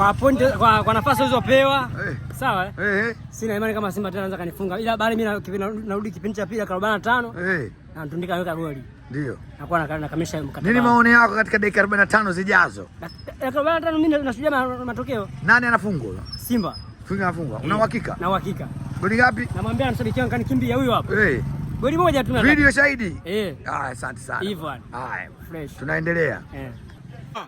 kwa point kwa, kwa nafasi ulizopewa hey. Eh. Sawa eh? Hey. Eh, eh. hey. Sina imani kama Simba tena anaweza kanifunga, ila bali mimi narudi kipindi cha pili 45 hey. na Ntundika aweka goli ndio Na kwa na kamisha mkataba. Nini maoni yako katika dakika 45 zijazo? Dakika 45 mimi nashuhudia matokeo, nani anafungwa? Simba funga anafungwa Una uhakika na uhakika goli ngapi? Namwambia anasubiri mshabiki kanikimbia huyo hapo Eh. Goli moja tu na video shahidi eh Ah, asante sana hivyo haya, fresh tunaendelea eh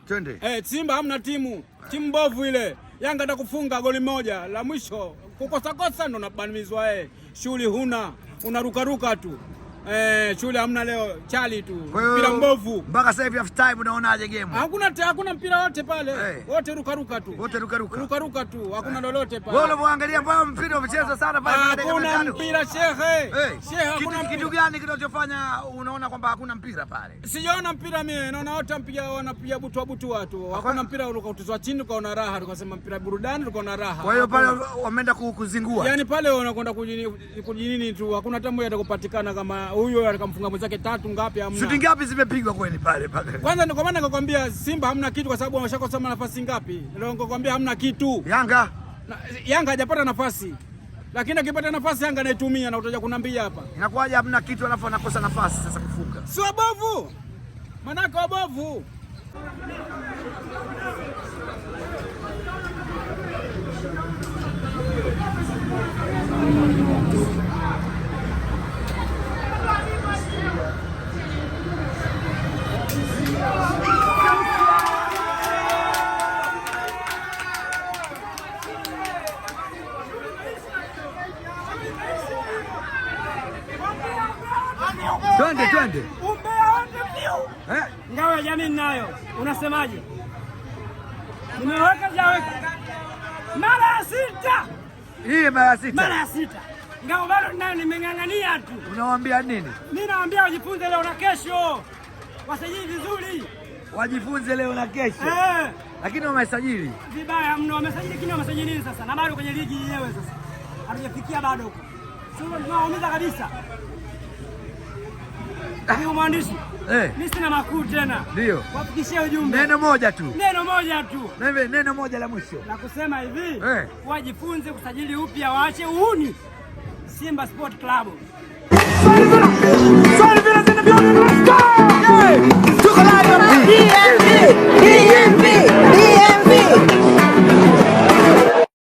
Twende. Eh, Simba hamna timu, timu mbovu ile. Yanga atakufunga goli moja la mwisho, kukosa kosa ndo nabanimizwa. Eh, shughuli huna, unarukaruka tu. Eh, shule hamna leo, chali tu. Mpira mbovu. Mpaka sasa hivi half time unaonaje game? Hakuna hakuna mpira wote pale. Eh. Wote ruka ruka tu. Wote ruka ruka. Ruka ruka tu. Hakuna eh. lolote pale. Wewe unaangalia mbona mpira umecheza sana pale kwa ah, dakika pale. Hakuna mpira shehe. Eh. Shehe hakuna kitu gani kinachofanya unaona kwamba hakuna mpira pale? Sijaona mpira mimi. Naona wote mpiga wanapiga butu butu watu. Hakuna mpira ulikotuzwa chini tukaona raha, tukasema mpira burudani tukaona raha. Kwa hiyo pale wameenda kuzingua. Yaani pale wanakwenda kujini kujini tu. Hakuna tamu yatakopatikana kama huyo akamfunga mwenzake tatu ngapi, hamna. Shuti ngapi zimepigwa kweli pale pale? Kwanza ndio kwa maana nikakwambia Simba hamna kitu kwa sababu wameshakosa nafasi ngapi? Ndio nikakwambia hamna kitu. Yanga. Na, Yanga hajapata nafasi. Lakini akipata nafasi Yanga anaitumia na utaja kunambia hapa. Inakuwaje hamna kitu alafu anakosa nafasi sasa kufunga? Si wabovu. manako wabovu. Twende twende. Eh? Ngao jamii nayo. Unasemaje? Nimeweka jaweka. Mara sita. Hii mara sita. Mara sita. Ngao bado nayo nimeng'ang'ania tu. Unawaambia nini? Mimi nawaambia wajifunze leo na kesho. Wasajili vizuri. Wajifunze leo na kesho. Eh. Lakini wamesajili. Vibaya mno wamesajili kini wamesajili nini sasa? Na bado kwenye ligi yenyewe sasa. Hatujafikia bado huko. Sio tunaumiza kabisa. Huyo mwandishi eh, mimi sina makuu tena, ndio wafikishie ujumbe, neno moja tu, neno moja tu, neno, neno moja la mwisho na kusema hivi eh, wajifunze kusajili upya, waache uhuni. Simba Sport Club.